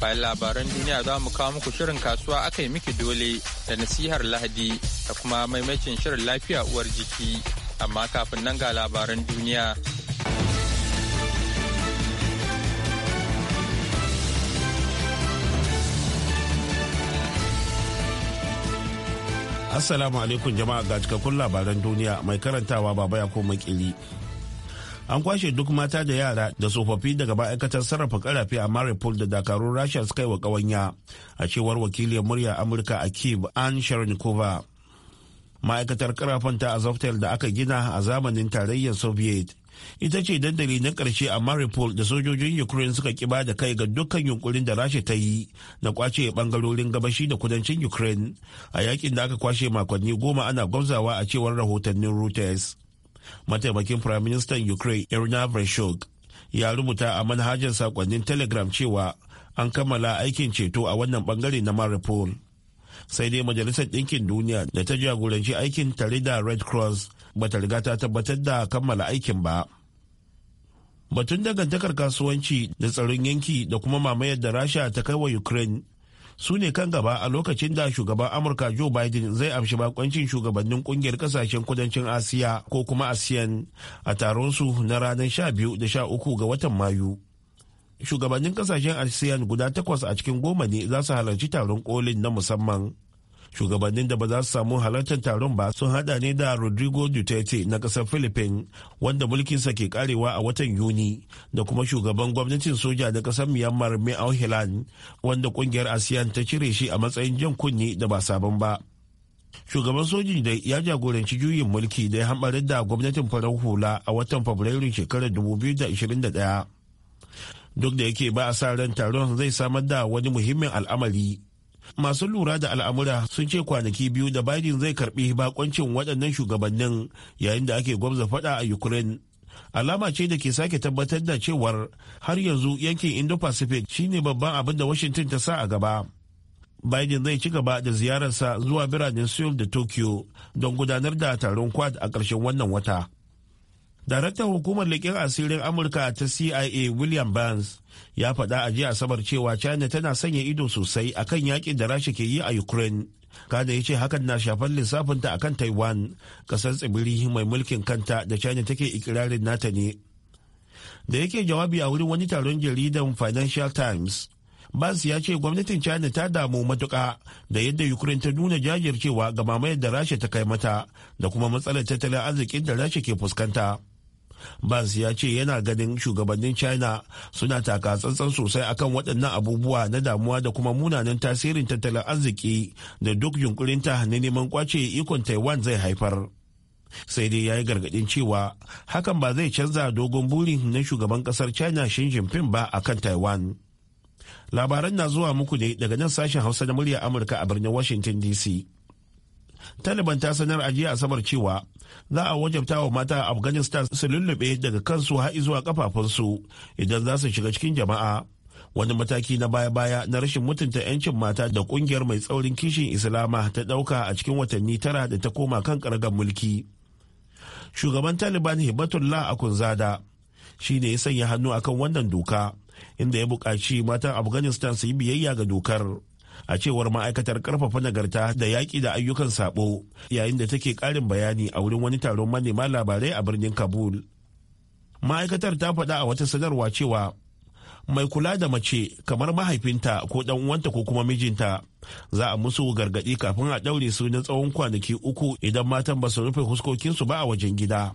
Bayan labaran duniya za mu kawo muku shirin kasuwa aka yi miki dole da nasihar lahadi da kuma maimacin shirin lafiya uwar jiki. Amma kafin nan ga labaran duniya. Assalamu alaikum jama'a ga cikakkun labaran duniya mai karantawa baba ya ko makili. an kwashe duk mata da yara da tsofaffi daga ma'aikatar sarrafa karafi a maripol da dakarun rasha suka yi wa kawanya a cewar wakiliyar murya amurka a kiev an sharonikova ma'aikatar karafan ta azovtel da aka gina a zamanin tarayyar soviet ita ce dandali na karshe a maripol da sojojin ukraine suka kiba da kai ga dukkan yunkurin da rasha ta yi na kwace bangarorin gabashi da kudancin ukraine a yakin da aka kwashe makonni goma ana gwamzawa a cewar rahotannin reuters mataimakin firaministan ukraine irina breshog ya rubuta a manhajar sakonnin telegram cewa an kammala aikin ceto a wannan bangare na maripol sai dai majalisar ɗinkin duniya da ta jagoranci aikin tare da red cross bata riga ta tabbatar da kammala aikin ba batun dangantakar kasuwanci da tsaron yanki da kuma mamayar da rasha ta kai wa ukraine su ne kan gaba a lokacin da shugaban amurka joe biden zai amshi bakoncin shugabannin kungiyar kasashen kudancin asiya ko kuma asiyan a taron su na ranar 12 da 13 ga watan mayu shugabannin kasashen asiyan guda takwas a cikin goma ne za su halarci taron kolin na musamman shugabannin da ba za su samu halartar taron ba sun hada ne da rodrigo duterte na kasar philippines wanda mulkinsa ke karewa a watan yuni da kuma shugaban gwamnatin soja na kasar myanmar mai auhilan wanda kungiyar asean ta cire shi a matsayin jan kunni da ba sabon ba shugaban sojin da ya jagoranci juyin mulki da ya hambarar da gwamnatin farar hula a watan fabrairu shekarar 2021 duk da yake ba a sa ran taron zai samar da wani muhimmin al'amari masu lura da al'amura sun ce kwanaki biyu da biden zai karbi bakoncin waɗannan shugabannin yayin da ake gwamza faɗa a ukraine alama ce da ke sake tabbatar da cewar har yanzu yankin indo-pacific shine babban abin da washington ta sa a gaba biden zai ci gaba da ziyararsa zuwa biranen seoul da tokyo don gudanar da taron quad a ƙarshen wannan wata Daraktan hukumar leƙen asirin Amurka ta CIA William Burns ya faɗa a jiya Asabar cewa China tana sanya ido sosai a kan yaƙin da Rasha ke yi a Ukraine. Kada ya ce hakan na shafar lissafinta a kan Taiwan, ƙasar tsibiri mai mulkin kanta da China take ikirarin nata ne. da yake jawabi a wurin wani taron jaridan financial times Bas ya ce gwamnatin china ta damu matuka da yadda ukraine ta nuna jajircewa ga mamayar da rasha ta kai mata da kuma matsalar tattalin arzikin da rasha ke fuskanta Bans ya ce yana ganin shugabannin China suna taka tsantsan sosai akan waɗannan abubuwa na damuwa da kuma munanan tasirin tattalin arziki da duk yunkurinta na neman kwace ikon Taiwan zai haifar. sai dai ya yi gargaɗin cewa hakan ba zai canza dogon burin na shugaban kasar china Xi Jinping ba a kan taiwan labaran na zuwa muku ne daga nan sashen hausa na murya amurka a birnin washington dc taliban ta sanar a jiya asabar cewa za a wajabta wa mata a afghanistan su lullube daga kansu har zuwa kafafunsu idan za su shiga cikin jama'a wani mataki na baya-baya na rashin mutunta 'yancin mata da kungiyar mai tsaurin kishin islama ta dauka a cikin watanni tara da ta koma kan karagar mulki shugaban taliban hibatullah akunzada shi ne ya sanya hannu akan wannan doka inda ya buƙaci matan afghanistan su yi biyayya ga dokar a cewar ma'aikatar karfafa nagarta da yaƙi da ayyukan sabo yayin da take ƙarin bayani a wurin wani taron manema labarai a birnin kabul ma'aikatar ta faɗa a wata sanarwa cewa mai kula da mace kamar mahaifinta ko dan uwanta ko kuma mijinta za a musu gargaɗi kafin a ɗaure su na tsawon kwanaki uku idan matan ba su rufe huskokinsu ba a wajen gida.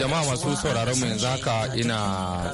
jama'a masu sauraron mu yanzu haka ina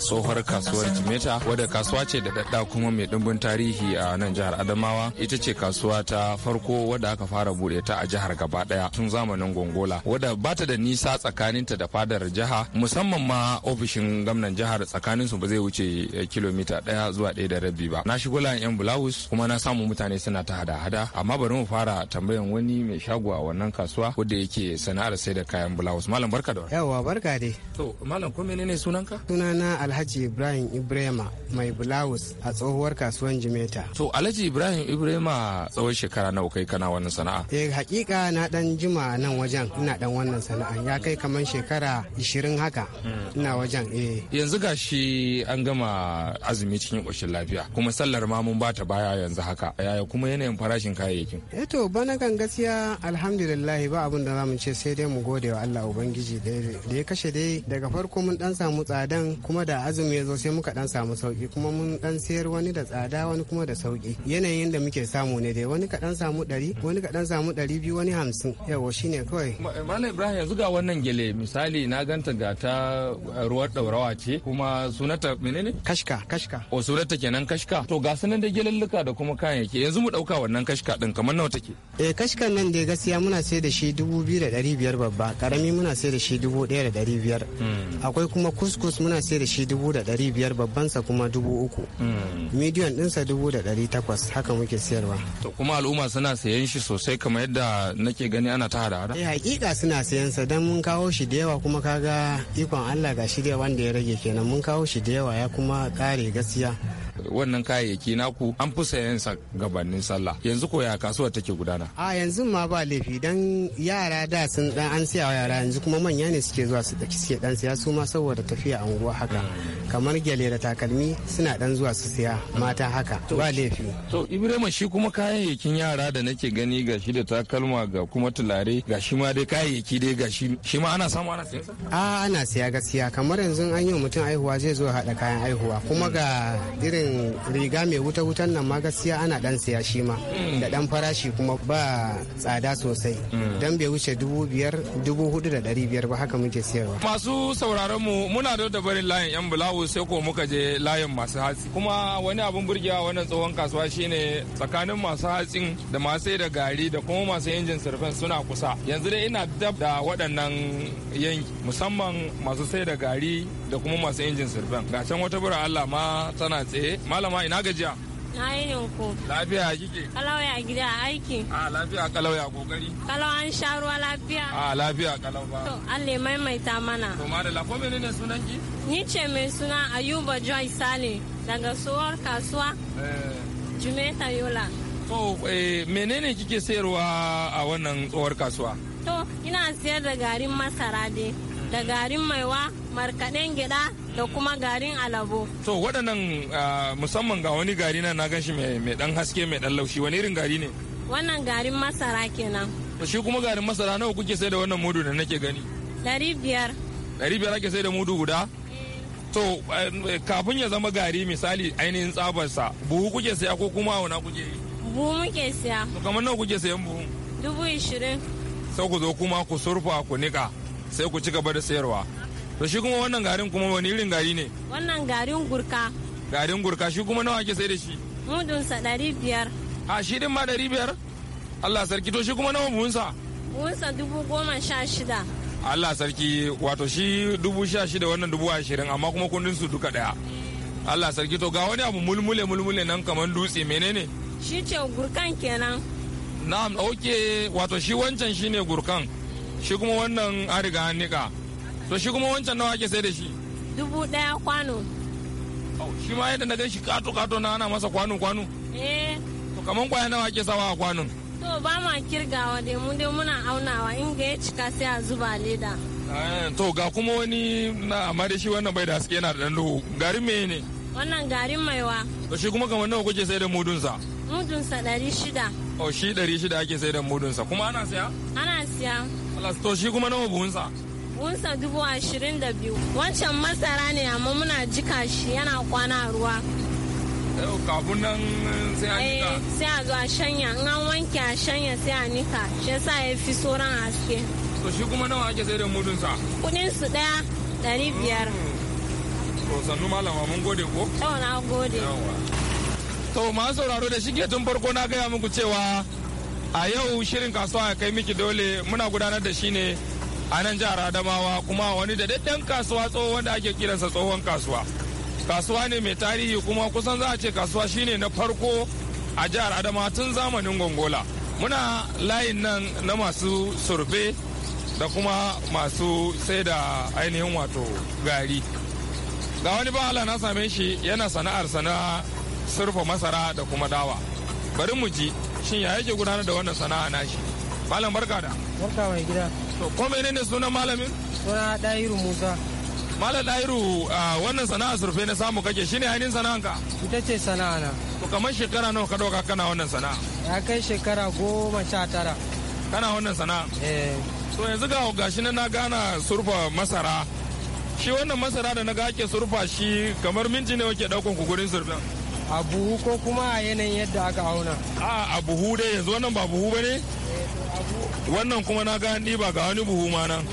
tsohar kasuwar jimeta wadda kasuwa ce da dadda kuma mai dimbin tarihi a nan jihar adamawa ita ce kasuwa ta farko wadda aka fara bude ta a jihar gaba daya tun zamanin gongola wadda ba ta da nisa tsakaninta da fadar jiha musamman ma ofishin gwamnan jihar tsakanin su ba zai wuce eh, kilomita daya zuwa daya da rabi ba na shigo la yan bulawus kuma na samu mutane suna ta hada-hada amma bari mu fara tambayan wani mai shago a wannan kasuwa wadda yake sana'ar sai da kayan bulawus malam barka da yawa barka dai. To, Malam ko menene sunanka? Sunana Alhaji Ibrahim Ibrahima mai Bulawus a tsohuwar kasuwan Jimeta. To, Alhaji Ibrahim Ibrahima tsawon shekara nawa kai kana wannan sana'a? Eh, hakika na dan jima nan wajen ina dan wannan sana'a ya kai kamar shekara 20 haka hmm. ina wajen eh. Yanzu gashi an gama azumi cikin ƙoshin lafiya kuma sallar ma mun bata baya yanzu haka. Yaya kuma yanayin farashin kayayyakin? Eh to, bana kan gaskiya alhamdulillah ba abin da zamu ce sai dai mu gode wa Allah Ubangiji da ya kashe ce dai daga farko mun dan samu tsadan kuma da azumi ya zo sai muka dan samu sauki kuma mun dan sayar wani da tsada wani kuma da sauki yanayin da muke samu ne dai wani ka dan samu ɗari wani ka dan samu ɗari biyu wani hamsin yawa shine kawai. malam ibrahim yanzu ga wannan gele misali na ganta ga ta eh, ruwar ɗaurawa ce kuma sunata menene. kashka kashka. o sunata kenan kashka to ga sunan da gelelluka da kuma kayayyaki yanzu mu ɗauka wannan kashka ɗin kamar nawa take. eh kashkan nan dai gaskiya muna sai da shi dubu biyu da ɗari biyar babba ƙarami muna sai da shi dubu ɗaya da ɗari biyar hmm. akwai kuma kuskus muna sai da shi dubu da ɗari biyar babbansa kuma dubu uku hmm. medium ɗinsa dubu da ɗari takwas haka muke siyarwa to kuma al'umma suna sayan shi sosai kamar yadda nake gani ana ta hada hada eh hakika suna sayan sa dan mun kawo shi da yawa kuma kaga ikon Allah ga shirya wanda ya rage kenan mun kawo shi da yawa ya kuma kare gaskiya wannan kayayyaki naku an fi sayan sa gabanin sallah yanzu ko ya kasuwar take gudana a yanzu ma ba laifi dan yara da sun dan an siya yara yanzu kuma manya ne suke zuwa su da suke dan siya su ma saboda tafiya anguwa haka kamar gyale da takalmi suna dan zuwa su siya mata haka ba laifi to ibrahim shi kuma kayayyakin yara da nake gani ga shi da takalma ga kuma tulare ga shi ma dai kayayyaki dai ga shi shi ma ana samu ana siya a ana siya gaskiya kamar yanzu an yi mutum aihuwa zai zo haɗa kayan aihuwa kuma ga irin irin riga mai wuta-wutan nan ma gaskiya ana dan siya shi ma hmm. da dan farashi kuma ba tsada sosai hmm. dan bai wuce dubu biyar dubu hudu da dari biyar ba haka muke siyarwa. Masu sauraron mu muna da dabarin layin yan bulawu sai ko muka je layin masu hatsi kuma wani abun burgewa wannan tsohon kasuwa shine tsakanin masu hatsin da masu da gari da kuma masu injin surfen suna kusa yanzu dai ina dab da waɗannan yanki musamman masu sai da gari da kuma masu injin surfen ga can wata bura Allah ma tana tsaye malama ina gajiya. Na yi ko. Lafiya kike? Kalauya gida aiki. A lafiya kalauya kokari. Kalau an sha ruwa lafiya. A lafiya kalau ba. To Allah maimaita mana. To madalla ko menene sunan ki? Ni ce mai suna Ayuba Joy Sale daga suwar kasuwa. Eh. Jumeta Yola. To eh, menene kike sayarwa a wannan tsohuwar kasuwa? To ina siyar da garin masara dai. da garin maiwa markaɗen gida da kuma garin alabo. To waɗannan musamman ga wani gari na gan shi mai ɗan haske mai ɗan laushi wani irin gari ne? Wannan garin masara kenan. Shi kuma garin masara nawa kuke sai da wannan mudu da nake gani? Ɗari biyar. Ɗari biyar ake sai da mudu guda? Eh. To kafin ya zama gari misali ainihin tsabarsa buhu kuke siya ko kuma wana kuke yi? Buhu muke siya. Kamar nawa kuke sayan buhu? Dubu ishirin. Sau ku zo kuma ku surfa ku niƙa. sai ku ci gaba da sayarwa to shi kuma wannan garin kuma wani irin gari ne wannan garin gurka garin gurka shi kuma nawa ake sai da shi mudunsa ɗari biyar a shi din ma ɗari biyar allah sarki to shi kuma nawa buhunsa buhunsa dubu goma sha shida allah sarki wato shi dubu sha shida wannan dubu ashirin amma kuma kundin su duka ɗaya allah sarki to ga wani abu mulmule mulmule nan kamar dutse menene shi ce gurkan kenan na'am oke wato shi wancan shine gurkan shi kuma wannan an riga an nika to shi kuma wancan nawa ake sai da shi dubu daya kwano shi ma yadda na gan shi kato kato na ana masa kwano kwano eh to kaman kwaya nawa ake sawa a kwanon to ba ma kirgawa dai mu dai muna aunawa in ga ya cika sai a zuba leda eh, to ga kuma wani na amma da shi wannan bai da haske yana da dan duhu garin me ne wannan garin maiwa to shi kuma kamar nawa kuke sai da mudunsa mudunsa dari shida oh shi dari shida ake sai da mudunsa kuma ana siya ana siya to shi kuma nawa buhunsa buhunsa dubu ashirin da biyu wancan masara ne amma muna jika shi yana kwana ruwa Yau kafin nan sai a nika eh, sai a zo a shanya in an wanke a shanya sai a nika shi yasa ya fi sauran haske to shi kuma nawa ake sai da mudunsa kudin su daya dari biyar to sannu malama mun gode ko yau na gode to masu sauraro da shige tun farko na gaya muku cewa a yau shirin kasuwa ya kai miki dole muna gudanar da shi ne a nan jihar adamawa kuma wani da kasuwa tsohon wanda ake kiransa tsohon kasuwa kasuwa ne mai tarihi kuma kusan za a ce kasuwa shine na farko a jihar adamawa tun zamanin gongola muna layin nan na masu surbe da kuma masu sai da ainihin wato gari ga wani bahala na same shi yana sana'ar sana surfa masara da kuma dawa bari mu ji shin ya yake gudanar da wannan sana'a nashi malam barka da barka mai gida to ko menene sunan malamin suna dairu musa malam dairu wannan sana'a surfe na samu kake shine ainihin ka ita ce sana'a na to kamar shekara nawa ka dauka kana wannan sana'a ya kai shekara goma sha tara kana wannan sana'a eh to yanzu ga gashi na gana surfa masara shi wannan masara da na ga ake surfa shi kamar minti ne wake daukan ku gurin a buhu ko kuma a yanayin yadda aka auna a a buhu dai yanzu wannan ba buhu ba ne eh, wannan kuma na ga ni ba ga wani buhu ma nan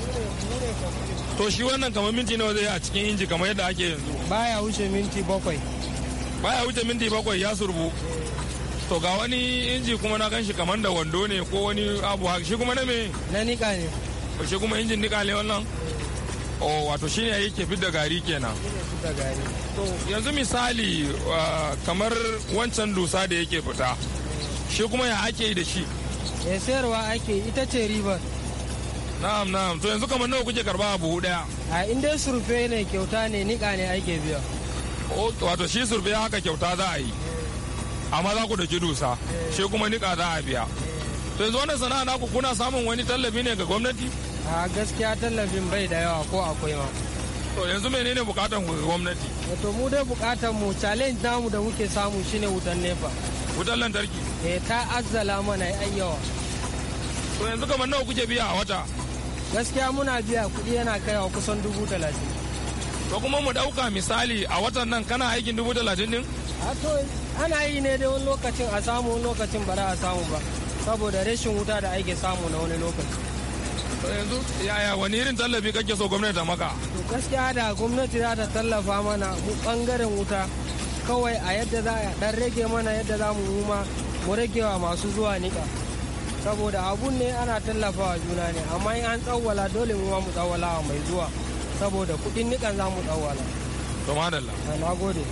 to shi wannan kamar minti nawa zai a cikin inji kamar yadda ake yanzu baya wuce minti bakwai baya wuce minti bakwai ya surbu eh. to ga wani inji kuma na ganshi kamar da wando ne ko wani abu shi kuma na me na nika ne shi kuma injin nika ne wannan eh. o oh, wato shine yake fidda gari kenan yanzu misali kamar wancan dusa da yake fita shi kuma ya ake yi da shi ya sayarwa ake ita ce ribar na'am na'am to yanzu kamar nawa kuke karba a buhu daya a inda surfe ne kyauta ne nika ne ake biya oh, wato shi surfe haka kyauta za a yi eh. amma za ku daki dusa eh. shi kuma nika za a biya eh. to yanzu wannan sana'a naku kuna samun wani tallafi ne ga gwamnati a gaskiya tallafin bai da yawa ko akwai ma to yanzu menene bukatan ku gwamnati to mu dai bukatan mu challenge namu da muke samu shine wutan nefa wutan lantarki eh ta azzala mana ai yawa to yanzu kamar nawa kuke biya a wata gaskiya muna biya kuɗi yana kai wa kusan dubu talatin to kuma mu dauka misali a watan nan kana aikin dubu talatin din a to ana yi ne da wani lokacin a samu wani lokacin ba za a samu ba saboda rashin wuta da ake samu na wani lokaci yanzu yaya wani irin tallafi kake so gwamnati ta maka gaskiya da gwamnati za ta tallafa mana bangaren wuta kawai a yadda za a dan rage mana yadda za mu ma mu ragewa masu zuwa nika saboda abun ne ana tallafawa juna ne amma in an tsawwala dole mu ma mu tsawwala mai zuwa saboda kudin nikan za mu tsawwala to madalla na gode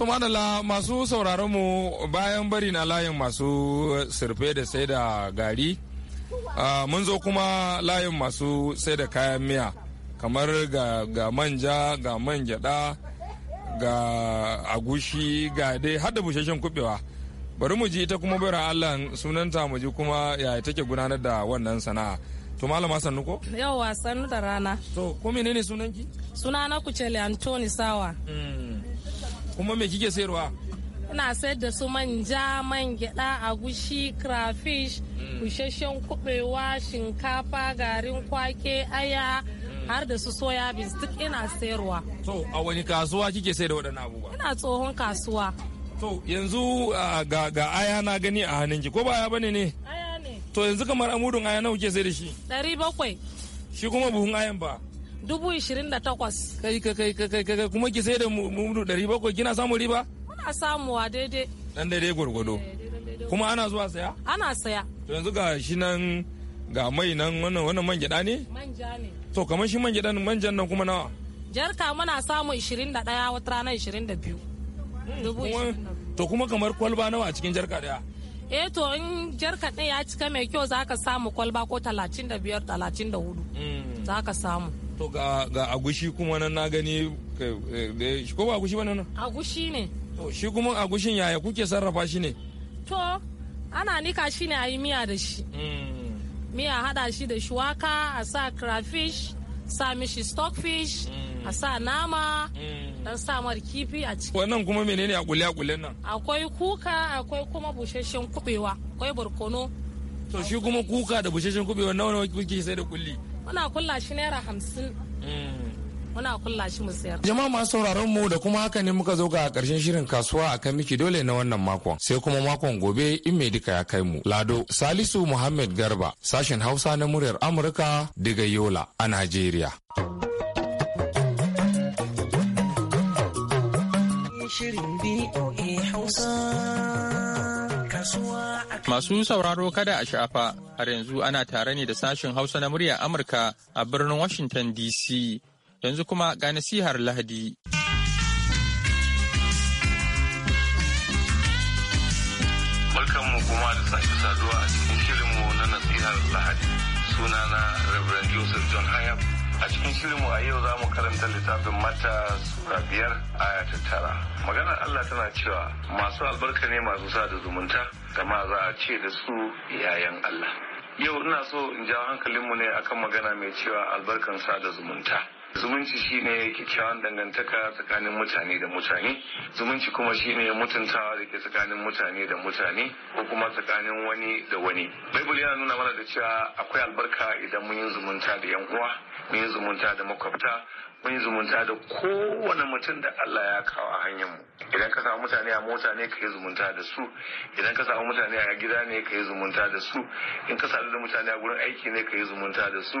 To madalla masu sauraron mu bayan bari na layin masu sirfe da sai da gari Ah, mun zo kuma layin masu sai da kayan miya kamar ga manja ga man gyada ga agushi ga dai har da busheshen kubewa bari mu ji ita kuma bira allah sunanta mu ji kuma yaya take gudanar da wannan sana'a to malama sannu ko yawwa sannu da rana to ko menene sunanki sunana kucele antoni sawa hmm. kuma me kike sayarwa ina sayar da su manja man gyada agushi crayfish mm. busasshen kubewa shinkafa garin kwake aya mm. har da su soya beans duk ina sayarwa to a wani kasuwa kike sayar da waɗannan abubuwa ina tsohon kasuwa to yanzu ga aya na gani a hannun ki, ko ba aya bane ne aya ne to yanzu kamar amudun aya nawa kike sayar da shi ɗari bakwai shi kuma buhun ayan ba dubu ishirin da takwas kai kai kai kai kuma ki sai da mudu ɗari bakwai kina samun riba ana samuwa daidai dan daidai gwargwado eh, kuma ana zuwa saya ana saya to yanzu ga shi nan ga mai nan wannan wannan man gyada ne manja ne to kamar shi man gyadan manjan nan kuma nawa jarka muna samun 21 wata rana 22 hmm, to kuma kamar kwalba nawa a cikin jarka daya eh to in jarka ɗin ya cika mai kyau za ka samu kwalba ko 35 34 hmm. za ka samu to ga agushi kuma nan na gani eh, ko ba agushi ba nan agushi ne To shi kuma agushin yaya kuke sarrafa shi ne? To ana nika shi ne a yi miya da shi. Mm. Miya hada shi da shuwaka a sa crayfish sa mishi stockfish mm. a sa nama mm. dan sa mar kifi a ciki. Wannan kuma menene a kule a kulen nan? Akwai kuka akwai kuma busasshen kubewa akwai barkono. To shi kuma kuka da busasshen kubewa nawa nawa kuke sai da kulli? Muna kulla shi naira hamsin. muna kulla shi mu sayar jama'a masu sauraron mu da kuma haka ne muka zo ga karshen shirin kasuwa a kan miki dole na wannan makon sai kuma makon gobe in mai duka ya kai mu lado salisu muhammad garba sashen hausa na muryar amurka daga yola a najeriya Masu sauraro kada a shafa, har yanzu ana tare ne da sashen Hausa na murya Amurka a birnin Washington DC. yanzu kuma ga nasihar Lahadi. Barkanmu kuma da sake saduwa a cikin shirinmu na nasihar Lahadi. Sunana Reverend Joseph John Hayab. A cikin shirinmu a yau za mu karanta littafin mata sura biyar aya ta tara. Maganar Allah tana cewa masu albarka ne masu sada zumunta, gama za a ce da su yayan Allah. Yau ina so in jawo hankalinmu ne akan magana mai cewa albarkan sada zumunta. zumunci shi shine kyakkyawan dangantaka tsakanin mutane da mutane zumunci kuma shi ne mutuntawa da ke tsakanin mutane da mutane ko kuma tsakanin wani da wani bible yana nuna mana da cewa akwai albarka idan mun yi zumunta da yan uwa mun yi zumunta da makwabta mun zumunta da kowane mutum da Allah ya kawo a hanyar mu idan ka samu mutane a mota ne ka yi zumunta da su idan ka samu mutane a gida ne ka yi zumunta da su in ka samu mutane a gurin aiki ne ka yi zumunta da su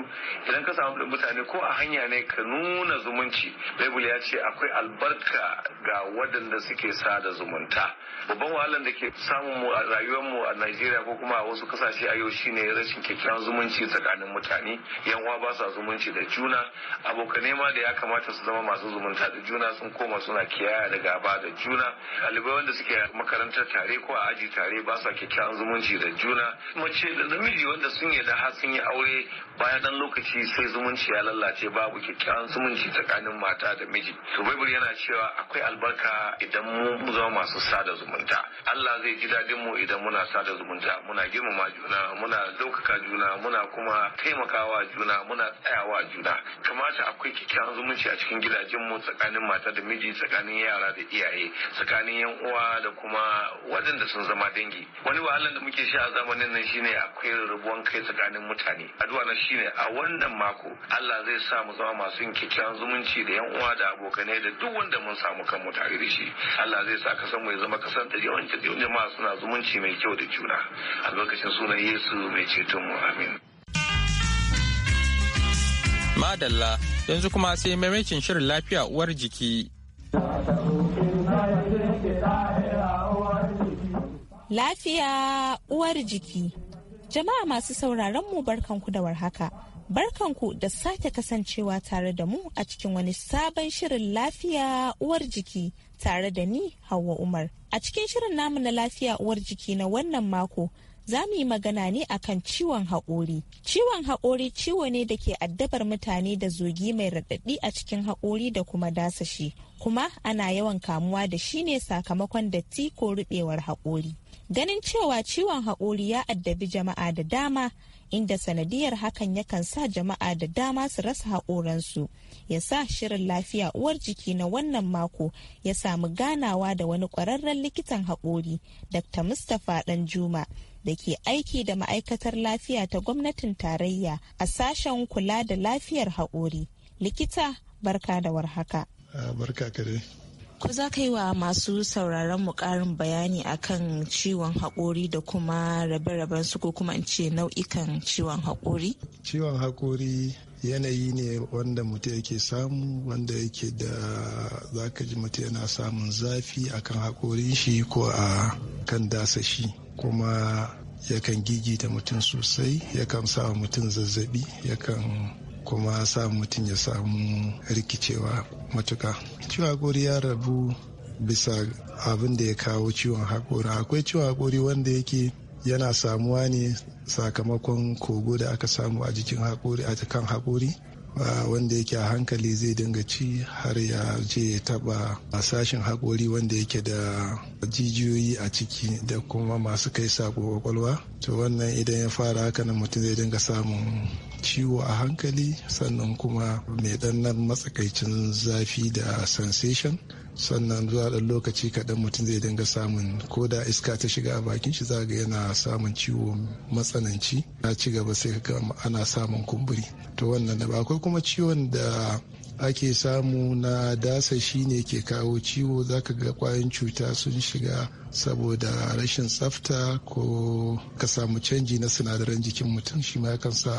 idan ka samu mutane ko a hanya ne ka nuna zumunci Bible ya ce akwai albarka ga waɗanda suke sa da zumunta babban wahalar da ke samun mu a rayuwar mu a Najeriya ko kuma a wasu kasashe a yau shine rashin kyakkyawan zumunci tsakanin mutane yan uwa ba sa zumunci da juna abokanai ma da ya kamata su zama masu zumunta da juna sun koma suna kiyaya da gaba da juna ɗalibai wanda suke makarantar tare ko a aji tare ba sa kyakkyawan zumunci da juna mace da namiji wanda sun yi da har sun yi aure bayan dan lokaci sai zumunci ya lallace babu kyakkyawan zumunci tsakanin mata da miji to baibul yana cewa akwai albarka idan mu zama masu sada zumunta Allah zai ji dadin mu idan muna sada zumunta muna girmama juna muna ɗaukaka juna muna kuma taimakawa juna muna tsayawa juna kamata akwai kyakkyawan zumunci a cikin gidajenmu tsakanin mata da miji tsakanin yara da iyaye tsakanin yan uwa da kuma waɗanda sun zama dangi wani wahalar da muke sha a zamanin nan shine akwai rabuwan kai tsakanin mutane addu'a na shine a wannan mako Allah zai sa mu zama masu kyakkyawan zumunci da yan uwa da abokanai da duk wanda mun samu kanmu tare da shi Allah zai sa kasan mu ya zama kasan da yawan jama'a suna zumunci mai kyau da juna a lokacin sunan Yesu mai ceton mu amin Madalla yanzu kuma sai maimakin shirin lafiya uwar jiki. Lafiya uwar jiki. Jama'a masu sauraron mu barkanku da warhaka. Barkanku da sake kasancewa tare da mu a cikin wani sabon shirin lafiya uwar jiki tare da ni Hauwa Umar. A cikin shirin namu na lafiya uwar jiki na wannan mako za mu yi magana ne akan ciwon haƙori. Ciwon haƙori ciwo ne da ke addabar mutane da zogi mai raɗaɗi a cikin haƙori da kuma dasashi, kuma ana yawan kamuwa da shi ne sakamakon datti ko ruɓewar haƙori. Ganin cewa ciwon haƙori ya addabi jama'a da dama, inda sanadiyar hakan yakan sa jama'a da dama su rasa haƙoransu. Ya sa shirin lafiya uwar jiki na wannan mako ya samu ganawa da wani ƙwararren likitan haƙori, Dr. Mustapha Ɗanjuma. Juma. da ke aiki da ma'aikatar lafiya ta gwamnatin tarayya a sashen kula da lafiyar haƙori. Likita barka da warhaka. Ah, barka kare. Ko za ka yi wa masu sauraron mu ƙarin bayani akan ciwon haƙori da kuma rabe-raben su ko kuma in ce nau'ikan ciwon haƙori? Ciwon haƙori yanayi ne wanda mutum yake samu wanda yake da zaka ji mutum yana samun zafi akan haƙorin shi ko a kan dasa shi kuma yakan gigita mutum sosai yakan sa mutum zazzabi yakan kuma sa mutum ya samu rikicewa matuka ciwon haƙori ya rabu bisa abin da ya kawo ciwon haƙori akwai ciwon haƙori wanda yake yana samuwa ne sakamakon kogo da aka samu a jikin haƙori a jikin haƙori wanda yake a hankali zai dinga ci har ya je ya taba sashen haƙori wanda yake da jijiyoyi a ciki da kuma masu kai saƙo kwakwalwa to wannan idan ya fara haka nan mutum zai dinga samun ciwo a hankali sannan kuma mai ɗan matsakaicin zafi da sensation sannan zuwa ɗan lokaci kaɗan mutum zai dinga samun ko da iska ta shiga a bakin shi zaga yana samun ciwo matsananci na ci gaba sai ka ana samun kumburi to wannan da akwai kuma ciwon da ake samu na dasa shi ne ke kawo ciwo zaka ga kwayan cuta sun shiga saboda rashin tsafta ko ka samu canji na sinadaran jikin mutum shi ma yakan sa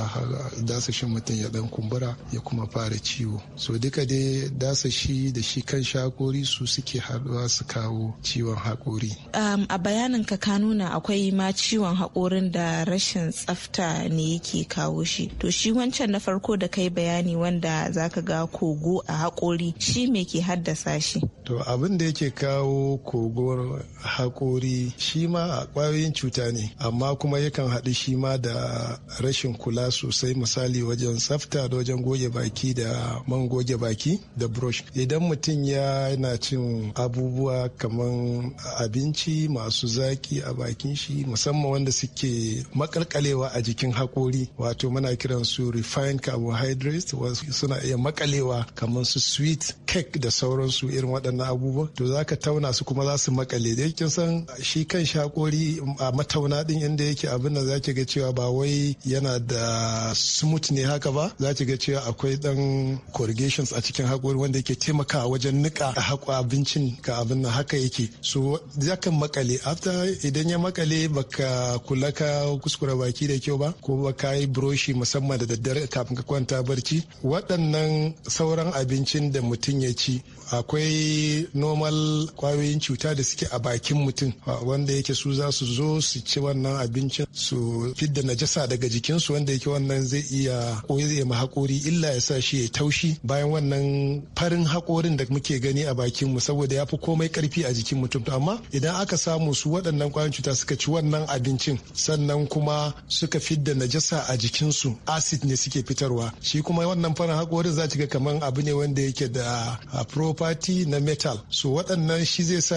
shi mutum ya dan kumbura ya kuma fara ciwo so duka dai dasa shi da shi kan shakori su suke haɗuwa su kawo ciwon haƙori. Um, a bayanin ka ka nuna akwai ma ciwon haƙorin da rashin tsafta ne yake kawo shi. To shi wancan na farko da kai bayani wanda za ka ga kogo a haƙori shi me ke haddasa shi? To abin da yake kawo kogon haƙori shi ma a ƙwayoyin cuta ne amma kuma yakan haɗu shi ma da rashin kula sosai misali wajen tsafta da wajen goge baki da man goge baki da brush. Idan mutum ya na yana cin abubuwa kamar abinci masu zaki a bakin shi musamman wanda suke makalkalewa a jikin hakori wato muna kiran su refined carbohydrates wasu suna iya makalewa kamar su sweet cake da sauransu irin waɗannan abubuwa to za ka tauna su kuma za su makale da yakin san shi kan hakori mm, a matauna din inda yake abin da za ki ga cewa ba wai yana da smooth ne haka ba za ki ga cewa akwai dan corrugations a cikin hakori wanda yake taimakawa wajen nika a kwakwa abincin ka abin nan haka yake so yakan makale after idan ya makale baka kula ka kuskura baki da kyau ba ko baka yi broshi musamman da daddare kafin ka kwanta barci waɗannan sauran abincin da mutum ya ci akwai normal kwayoyin cuta da suke a bakin mutum wanda yake su za su zo su ci wannan abincin su fidda najasa daga jikinsu wanda yake wannan zai iya ko zai ma haƙori illa ya sa shi ya taushi bayan wannan farin haƙorin da muke gani a baki. bakinmu saboda ya fi komai karfi a jikin mutum amma idan aka samu su waɗannan kwayoyin cuta suka ci wannan abincin sannan kuma suka fidda najasa a jikinsu acid ne suke fitarwa shi kuma wannan farin haƙorin za ga kamar abu ne wanda yake da property na metal so waɗannan shi zai sa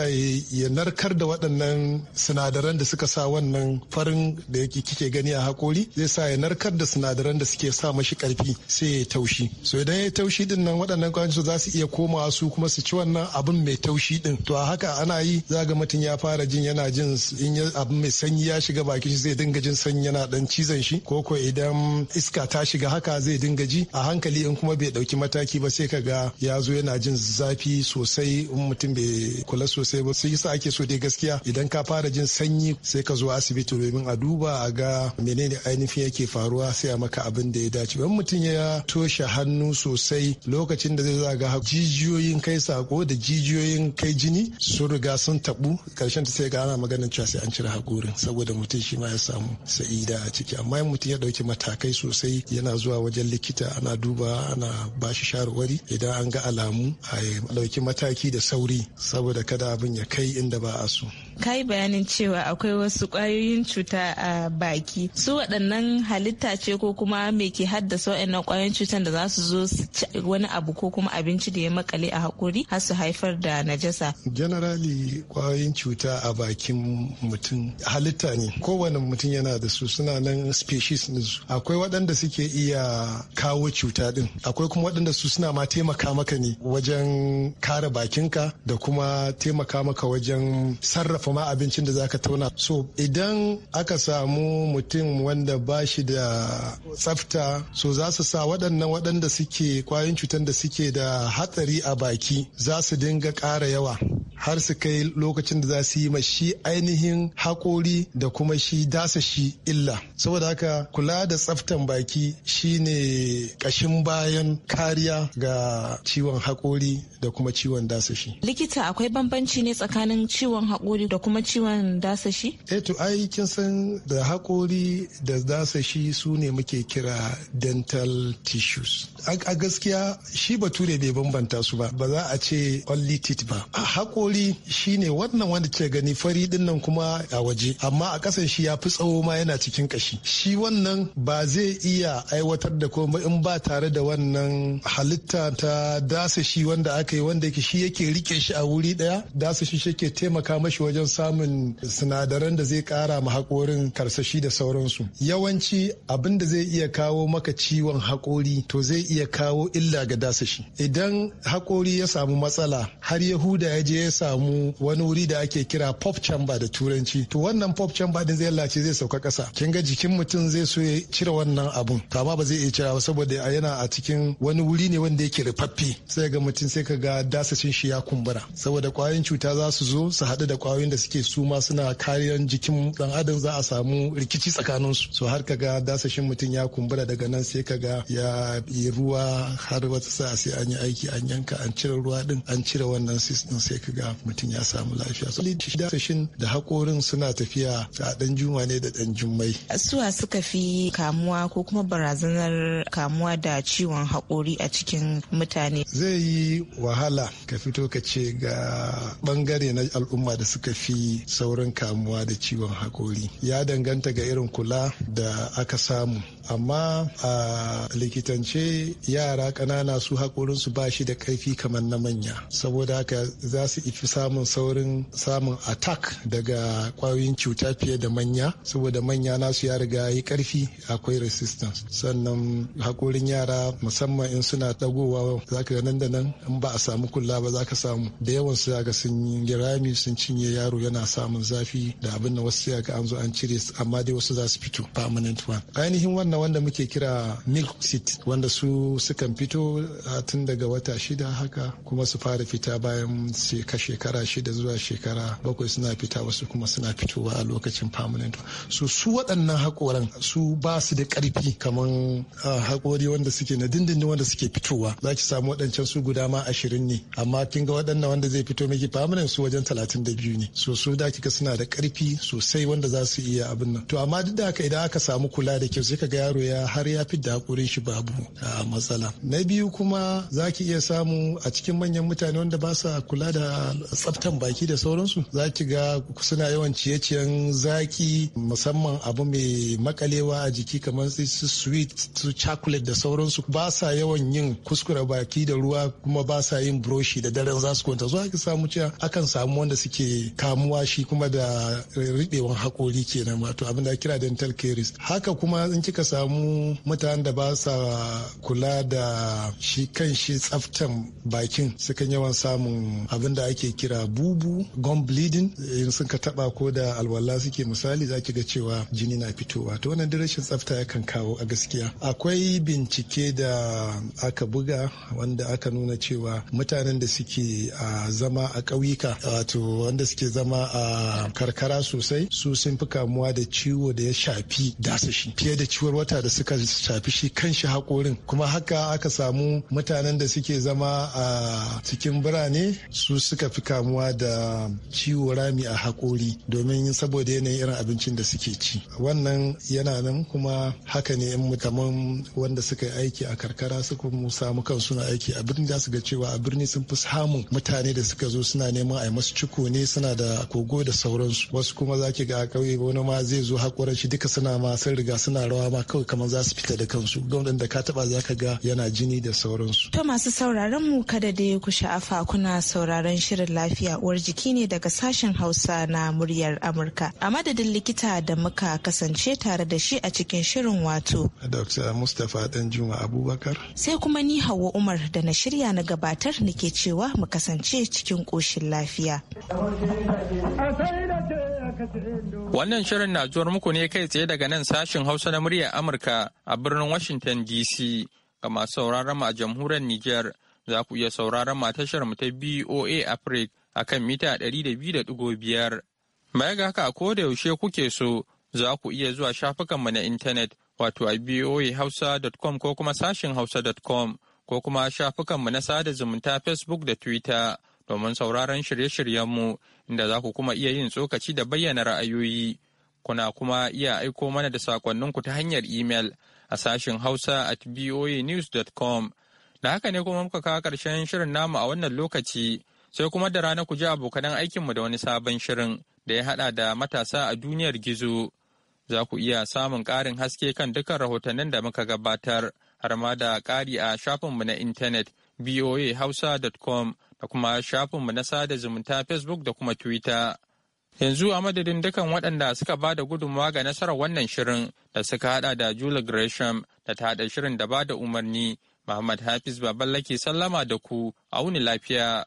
ya narkar da waɗannan sinadaran da suka sa wannan farin da yake kike gani a haƙori zai sa ya narkar da sinadaran da suke sa mashi karfi sai ya taushi so idan ya taushi din nan waɗannan kwayoyin za su iya komawa su kuma su ci wannan abun abin mai taushi din to a haka ana yi za mutum ya fara jin yana jin in abin mai sanyi ya shiga bakin shi zai dinga jin sanyi yana dan cizon shi ko ko idan iska ta shiga haka zai dinga ji a hankali in kuma bai dauki mataki ba sai kaga ya zo yana jin zafi sosai in mutum bai kula sosai ba sai yasa ake so dai gaskiya idan ka fara jin sanyi sai ka zo asibiti domin a duba a ga menene ainihin yake faruwa sai a maka abin da ya dace in mutum ya toshe hannu sosai lokacin da zai zaga jijiyoyin kai sako da da jijiyoyin kai jini sun riga sun tabu karshen ta sai ga ana maganin cewa sai an cire hakorin saboda mutum shi ma ya samu sa'ida a ciki amma in mutum ya dauki matakai sosai yana zuwa wajen likita ana duba ana bashi shi shawarwari idan an ga alamu a dauki mataki da sauri saboda kada abin ya kai inda ba a so. ka yi bayanin cewa akwai wasu kwayoyin cuta a baki su waɗannan halitta ce ko kuma me ke haddasa waɗannan kwayoyin cutan da za su zo su wani abu ko kuma abinci da ya makale a hakuri har su haifar da najasa Generali kwayoyin cuta a bakin mutum halitta ne kowane mutum yana da su suna nan species su akwai waɗanda suke iya kawo cuta din akwai kuma waɗanda su suna ma taimaka maka ne wajen kare bakinka da kuma taimaka maka wajen sarrafa shafa ma abincin da za ka tauna so idan aka samu mutum wanda ba shi da tsafta so za su sa waɗannan waɗanda suke kwayoyin cutar da suke da hatsari a baki za su dinga ƙara yawa har su kai lokacin da za su yi ma shi ainihin haƙori da kuma shi dasa shi illa saboda haka kula da tsaftan baki shine ƙashin bayan kariya ga ciwon haƙori da kuma ciwon dasa shi likita akwai bambanci ne tsakanin ciwon haƙori da kuma ciwon dasa shi eh to ai kin san da haƙori da dasa shi su ne muke kira dental tissues a gaskiya shi bature bai bambanta su ba ba za a ce only teeth ba haƙori kori shine wannan wanda ke gani fari dinnan kuma a waje amma a kasan shi ya fi tsawo ma yana cikin kashi shi wannan ba zai iya aiwatar da komai in ba tare da wannan halitta ta dasa shi wanda aka yi wanda yake shi yake rike shi a wuri daya dasa shi yake taimaka mashi wajen samun sinadaran da zai kara ma haƙorin karsashi da sauransu yawanci abin da zai iya kawo maka ciwon haƙori to zai iya kawo illa ga dasa shi idan haƙori ya samu matsala har yahuda ya je ya samu wani wuri da ake kira pop chamber da turanci to wannan pop chamber din zai lalace zai sauka kasa kin ga jikin mutum zai so ya cire wannan abun to amma ba zai iya cira ba saboda yana a cikin wani wuri ne wanda yake rufaffe sai ga mutum sai ka ga dasashin shi ya kumbura saboda kwayoyin cuta za su zo su haɗu da kwayoyin da suke suma suna kariyar jikin dan adam za a samu rikici tsakanin su so har ka ga dasashin mutum ya kumbura daga nan sai ka ga ya yi ruwa har wata sa sai an yi aiki an yanka an cire ruwa din an cire wannan sis sai ka ga ga mutum ya samu lafiya su dasashin da hakorin suna tafiya a dan juma ne da dan jummai suwa suka fi kamuwa ko kuma barazanar kamuwa da ciwon hakori a cikin mutane zai yi wahala ka fito ka ce ga bangare na al'umma da suka fi saurin kamuwa da ciwon hakori ya danganta ga irin kula da aka samu amma a likitance yara ƙanana su haƙorinsu ba shi da kaifi kamar na manya saboda haka za su ifi samun saurin samun attack daga kwayoyin cuta fiye da manya saboda manya nasu ya riga yi ƙarfi akwai resistance sannan haƙorin yara musamman in suna ɗagowa za ka nan da nan in ba a samu kula ba za ka samu da yawan su ga sun yi rami sun cinye yaro yana samun zafi da abin da wasu ya ga an zo an cire amma dai wasu za su fito permanent one ainihin wannan na wanda muke kira milk seed wanda su sukan fito tun daga wata shida haka kuma su fara fita bayan ka shekara shida zuwa shekara bakwai suna fita wasu kuma suna fitowa a lokacin permanent so su waɗannan haƙoran su ba su da ƙarfi kamar haƙori wanda suke na dindindin wanda suke fitowa za ki samu waɗancan su guda ma ashirin ne amma kin ga waɗannan wanda zai fito miki permanent su wajen talatin da biyu ne so su da kika suna da ƙarfi sosai wanda za su iya abin nan to amma duk da haka idan aka samu kula da kyau sai ka ga yaro ya har ya fi hakurin shi babu a matsala na biyu kuma za ki iya samu a cikin manyan mutane wanda ba sa kula da tsaftan baki da sauransu za ki ga suna yawan ciye-ciyen zaki musamman abu mai makalewa a jiki kamar su sweet su chocolate da sauransu ba sa yawan yin kuskure baki da ruwa kuma ba sa yin broshi da daren za su kwanta zuwa ki samu cewa akan samu wanda suke kamuwa shi kuma da riɓewan hakori kenan wato abin da kira dental caries haka kuma in kika samu mutanen da ba sa kula da shi kan shi tsaftan bakin sukan yawan samun abin da ake kira bubu gum bleeding in sun ka taba ko da alwala suke misali za ki ga cewa jini na fitowa to wannan rashin tsafta yakan kawo a gaskiya akwai bincike da aka buga wanda aka nuna cewa mutanen da suke a zama a ƙauyuka wato wanda suke zama a karkara sosai su sun fi kamuwa da ciwo da ya shafi dasashi fiye da ciwon wata da suka shafi shi kanshi haƙorin kuma haka aka samu mutanen da suke zama a cikin birane su suka fi kamuwa da ciwo rami a haƙori domin saboda yanayin irin abincin da suke ci wannan yana nan kuma haka ne in kaman wanda suka yi aiki a karkara suka samu kan suna aiki a birni za su ga cewa a birni sun fi samun mutane da suka zo suna neman a yi masu ciko ne suna da kogo da sauransu wasu kuma za ki ga a ƙauye wani ma zai zo haƙorin shi duka suna ma sun riga suna rawa ma kawai kamar za su fita da kansu gwamnan da ka taba za ka ga yana jini da sauransu. To masu sauraron mu kada da ku sha'afa kuna sauraron shirin lafiya uwar jiki ne daga sashen Hausa na muryar Amurka. A madadin likita da muka kasance tare da shi a cikin shirin wato. Dr. Mustapha Danjuma Abubakar. Sai kuma ni Hauwa Umar da na shirya na gabatar nake cewa mu kasance cikin ƙoshin lafiya. Wannan shirin na zuwar muku ne kai tsaye daga nan sashin Hausa na muryar Amurka a birnin Washington DC. Ga masu sauraron a jamhuriyar niger za ku iya sauraron a tashar mu ta BOA Africa a kan mita 200.5. Bayan ga haka ko da yaushe kuke so za ku iya zuwa shafukanmu na intanet wato a boahausa.com ko kuma sashin hausa.com ko kuma shafukanmu na sada zumunta Facebook da Twitter. domin sauraron shirye-shiryenmu inda za ku kuma iya yin tsokaci da bayyana ra'ayoyi. Kuna kuma iya aiko mana da sakonninku ta hanyar imel a sashin Hausa at voanews.com. Da haka ne kuma muka kawo ƙarshen shirin namu a wannan lokaci, sai kuma da rana ku ji abokan aikinmu da wani sabon shirin da ya haɗa da matasa a duniyar gizo. Za ku iya samun ƙarin haske kan dukkan rahotannin da muka gabatar, har ma da ƙari a shafinmu na intanet voahausa.com da kuma mu na sada zumunta Facebook da kuma Twitter. Yanzu a madadin dukan waɗanda suka ba da gudunmawa ga nasarar wannan shirin da suka haɗa da Julie Gresham da ta haɗa shirin da ba da umarni, Muhammad Hafiz Baballake sallama da ku, auni lafiya.